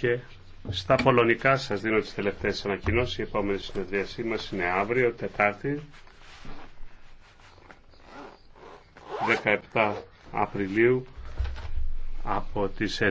και στα πολωνικά σας δίνω τις τελευταίες ανακοινώσεις. Η επόμενη συνεδρίασή μας είναι αύριο, Τετάρτη, 17 Απριλίου, από τις